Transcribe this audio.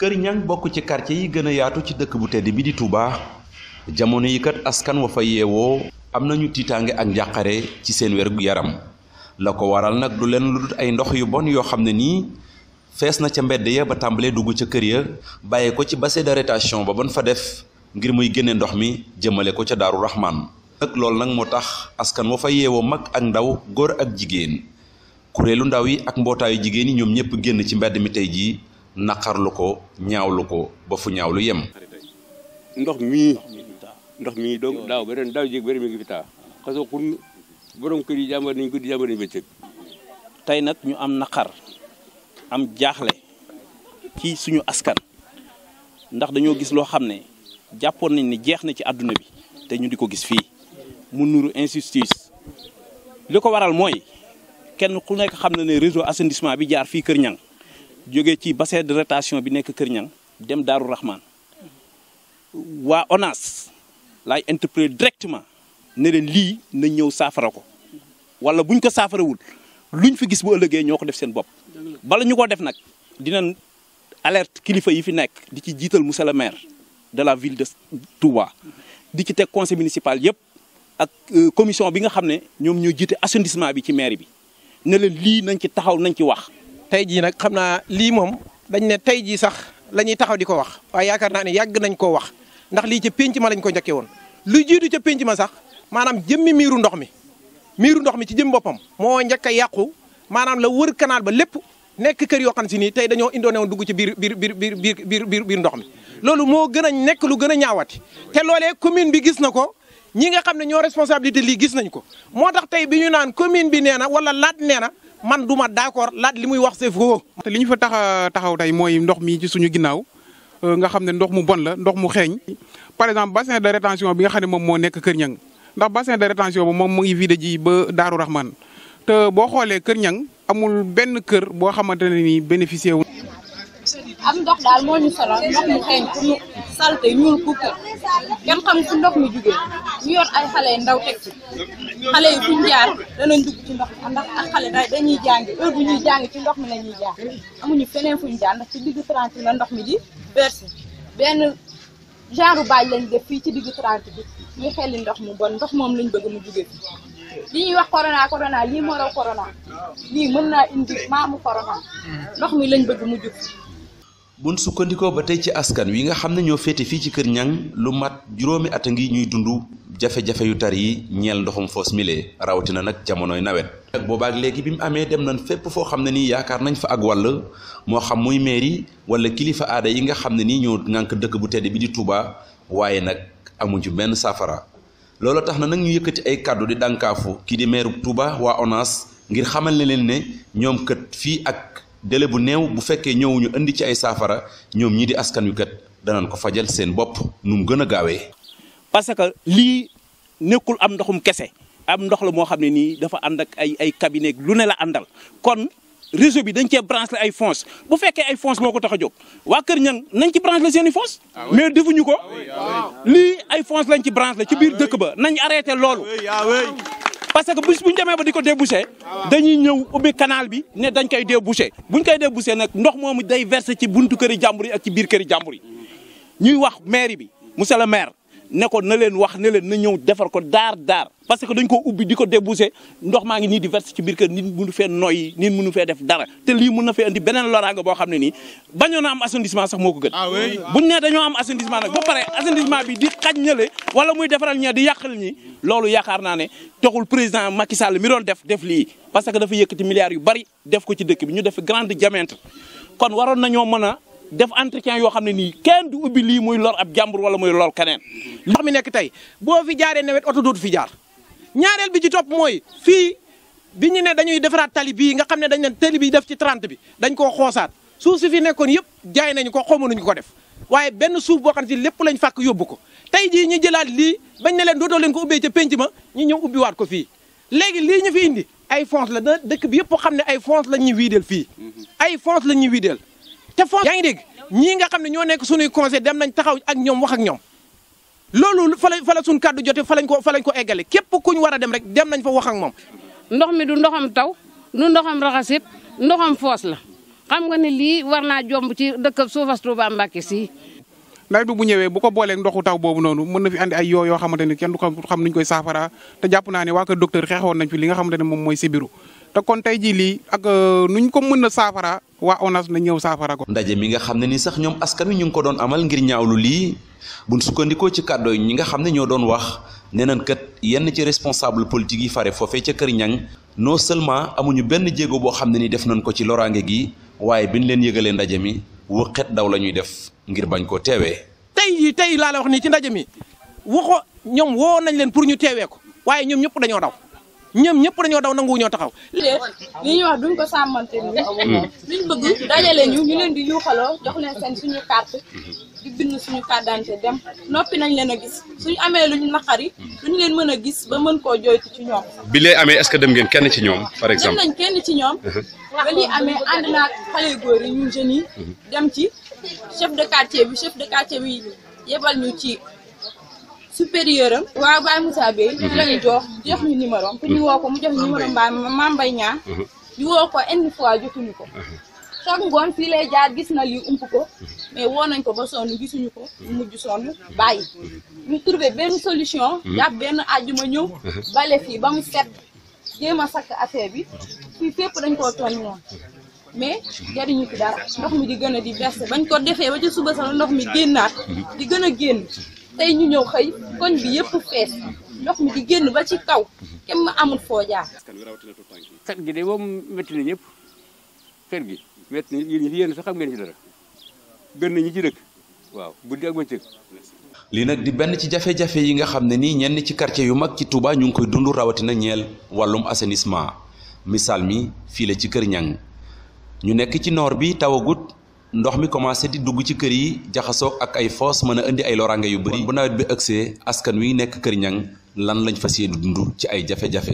kër ñan bokk ci quartier yi gën a yaatu ci dëkk bu tedd bi di Touba jamono yi kat askan wa fa yeewoo am nañu tiitaange ak njàqare ci seen wergu yaram la ko waral nag du leen lu dut ay ndox yu bon yoo xam ne nii fees na ca mbedd ya ba tàmbalee dugg ca kër ya bàyyi ko ci bassin de rétention ba ban fa def ngir muy génne ndox mi jëmale ko ca Daaru Rahman nag loolu nag moo tax askan wa fa yeewoo mag ak ndaw góor ak jigéen kuréelu ndaw yi ak mbootaayu jigéen yi ñoom ñëpp génn ci mbedd mi tey jii naqarlu ko ñaawlu ko ba fu ñaawlu yem. ndox mii ndox mii donc daaw ba ren daaw jéeg ba ren mi ngi fi taa xasoo xun borom kër yi jàmbar nañ ko di jàmbar nañ bëccëg tey nag ñu am naqar am jaaxle ci suñu askan ndax dañoo gis loo xam ne jàppoon nañ ni jeex na ci àdduna bi te ñu di ko gis fii mu nuru injustice li ko waral mooy kenn ku nekk xam na ne réseau assainissement bi jaar fii Kër Niang jóge ci bassin de retation bi nekk Kër Niang dem Daaru Rahman waa ONAS lay interpellé directement ne leen lii na ñëw saafara ko wala buñ ko saafarawul ñu fi gis bu ëllëgee ñoo ko def seen bopp. bala ñu ko def nag dinañ alerte kilifa yi fi nekk di ci jiital monsieur le maire de la ville de Touba di ci teg conseil municipal yëpp ak euh, commission bi nga xam ne ñoom ñoo jiite assainissement bi ci maire bi ne leen lii nañ ci taxaw nañ ci wax. tey jii nag xam naa lii moom dañ ne tey jii sax lañuy taxaw di ko wax waaye yaakaar naa ne yàgg nañ koo wax ndax lii ca pénc ma lañ ko njëkkee woon lu jiitu ca pénc ma sax maanaam jëmmi miiru ndox mi miiru ndox mi ci jëm boppam moo njëkk a yàqu maanaam la wër kanaal ba lépp nekk kër yoo xam si nii tey dañoo indoone dugg ci biir biir biir biir biir biir biir ndox mi loolu moo gën a nekk lu gën a ñaawati te loolee commune bi gis na ko ñi nga xam ne ñoo responsabilité lii gis nañ ko moo tax tey bi ñu naan commune bi nee na wala laat nee na man du ma d'accord laaj li muy wax c'est faux. te li ñu fa tax taxaw tey mooy ndox mi ci suñu ginaaw euh, nga xam ne ndox mu bon la ndox mu xeeñ par exemple bassin de rétention bi nga xam ne moom moo nekk Kër Ñang ndax bassin de rétention bi moom mu ngi vidé ji ba Daaru Rahman te boo xoolee Kër Ñang amul benn kër boo xamante ne ni bénéficié wu. am kenn xam fu ndox mi jugee. ñu yor ay xale ndaw teg ci xale yi fuñ jaar danañ dugg ci ndox mi ndax dañuy jàngi heure bu ci ndox mi la jaar amuñu feneen fuñ jaar ndax ci diggu trente la ndox mi di versé benn genre baaj lañ def fii ci diggu trente bi ñuy xelli ndox mu bon ndox moom lañ bëgg mu jugee li ñuy wax corona corona lii moo raw lii mën naa indi maamu corona ndox mi lañ bëgg mu jug buñ sukkandikoo ba tey ci askan wi nga xam ne ñoo féete fii ci kër ñang lu mat juróomi at a ngi ñuy dund jafé jafé yu tari ñel ñeel fos milé mile rawatina bim jamonoy nawet ak bobu ak légui bimu amé dem nañ fépp fo xamné ni yaakar nañ fa ak wall mo xam muy mairie wala kilifa aada yi nga xamné ni ñoo ngank dëkk bu tédd bi di Touba wayé nak amuñ ci ben safara lolo taxna nak ñu yëkëti ay cadeau di dankafu ki di maire Touba wa ONAS ngir xamal ne leen ne ñom kët fi ak délé bu néw bu ñewu ñu andi ci ay safara ñom ñi di askan yu kat danañ ko fajal seen bop num gëna gaawé parce que li nekul am ndoxum kese am ndox la mo xam ni dafa and ak ay ay cabinet lu ne la andal kon réseau bi dañ ci branché ay fonds bu fekkee ay fonds moko ko tax wa keur waa nañ ci branché la seen fonds ah mais defuñu ko ah ah li ay fonds lañ ci branché ci biir dëkk ba nañ arrêté lolu parce que bis bu ñu demee ba diko déboucher dañuy ñëw ubbi canal bi ne dañ koy déboucher buñ koy déboucher nak ndox momu day verser ci buntu këri jàmbur ak ci biir këri jàmbur ñuy wax maire bi monsieur le maire ne ko leen wax ne leen na ñëw defar ko daar daar parce que dañ ko ubbi di ko débouché ndox maa ngi nii di verse ci biir kër nit mënu fee nooy nit mënu fee def dara te lii mën na fee indi beneen loraanga boo xam ne nii bañoon na am assainissement sax moo ko gën ah buñ ne dañoo am assainissement nag ba pare assainissement bi di xaj le wala muy defaral ñee di yàqal ñi loolu yaakaar naa ne texul président Macky Sall mi doon def def lii parce que dafa yëkkati milliards yu bari def ko ci dëkk bi ñu def grande diamètre kon waroon nañoo mën a def entretien yoo xam ne nii kenn du ubbi lii muy lor ab jàmbur wala muy lool keneen. li mi nekk tey boo fi jaaree nawet oto dootu fi jaar ñaareel bi ci topp mooy fii bi ñu ne dañuy defaraat tali bii nga xam ne dañ ne tali bi def ci 30 bi dañ koo xoosaat suuf si fi nekkoon yëpp jaay nañu ko xamu nañu ko def. waaye benn suuf boo xam ne si lépp lañ fàkk yóbbu ko tey ji ñu jëlaat lii bañ ne leen dootoo leen ko ubbee ca penc ma ñu ñëw ubbiwaat ko fii léegi lii ñu fi indi ay fonds la dëkk bi yëpp xam ne ay fonds la ñuy wiideel fii ay fonds la ñuy wiideel te foofu yaa ngi dégg ñii nga xam ne ñoo nekk suñuy conseil dem nañ taxaw ak ñoom wax ak ñoom loolu fa la fa la suñu kàddu jote fa lañ ko fa lañ ko eggale képp kuñ war a dem rek dem nañ fa wax ak moom. ndox mi du ndoxam taw du ndoxam raxasit ndoxam foos la xam nga ne lii war naa jomb ci dëkk suufas Touba Mbacke sii. nawet bi bu ñëwee bu ko boolee ndoxu taw boobu noonu mën na fi andi ay yoo yoo xamante ni kenn du xam nuñ koy saafara te jàpp naa ne waa kër docteur xeexoon nañ fi li nga xamante moom mooy sibiru te kon tay ji li ak euh, nuñ ko mëna safara wa ONAS na ñew safara ko. ndaje mi nga xamne ni sax ñom askan wi ñu ko doon amal ngir ñaawlu li buñ sukkandiko ci cadeau yi nga xamne ne ñoo doon wax nenañ kat yenn ci responsable politique yi fare fofé ci Kër Ñang non seulement amuñu benn jéego bo xamne ni def nañ ko ci loraange gi waye biñ leen yëgalee ndaje mi wëqet daw lañuy def ngir bañ ko téwé tay yi tay la la wax ni ci ndaje mi waxo ñom wo nañ leen pour ñu téwé ko waye ñom ñëpp dañoo daw. ñoom ñëpp dañoo daw nanguwu ñoo taxaw. li ñu wax duñ ko sàmmante ni liñ bëgg dajale ñu ñu leen di yuuxaloo jox leen seen suñu carte di bind suñu carte d'identité dem noppi nañ leen a gis suñu amee luñ naqari duñ leen mën a gis ba mën koo jooytu ci ñoom. bi lay amee est-ce que dem ngeen kenn ci ñoom par exemple. dem kenn ci ñoom. Uh-huh. ba lii amee ànd naa xale góor yi ñun jeunes yi. Uh-huh. dem ci chef de quartier bi chef de quartier bi yebal ñu ci. supérieur am waaw Baye Moussa Bey ñoom mhm. la ñu jox jox ñu numéro mhm. woo ko mu jox ñu numéro mbaa Mame Mbaye Niang di mhm. woo ko une fois jotuñu ko chaque ngoon fii lay jaar gis na lii ump ko mais woo nañ ko ba sonn gisuñu ko mu mujj sonn bàyyi ñu trouvé benn solution jàpp benn ma ñëw bale fii ba mu set jéem a sakk affaire bi fii fépp dañ koo tooñ moom mais jariñu ci dara ndox mi di gën di verser bañ ko defee ba ca suba sax ndox mi génnaat di gën a génn tey ñu ñëw xëy koñ bi yëpp fees ndox mi di génn ba ci kaw kenn ma amul foo jaar. gi de moom métti na ñëpp kër ñi xam ngeen ci ci dëkk waaw guddi ak bëccëg. lii nag di benn ci jafe-jafe yi nga xam ne nii ñenn ci quartier yu mag ci Touba ñu ngi koy dund rawatina ñeel wàllum assainissement misaal mi fii la ci Kër Ñang ñu nekk ci noor bi tawagut. ndox mi commencé di dugg ci kër yi jaxasoo ak ay foos mën a indi ay loraange yu bëri bu nawet bi ëgsee askan wi nekk kër ñang lan lañ fas yéene dund ci ay jafe-jafe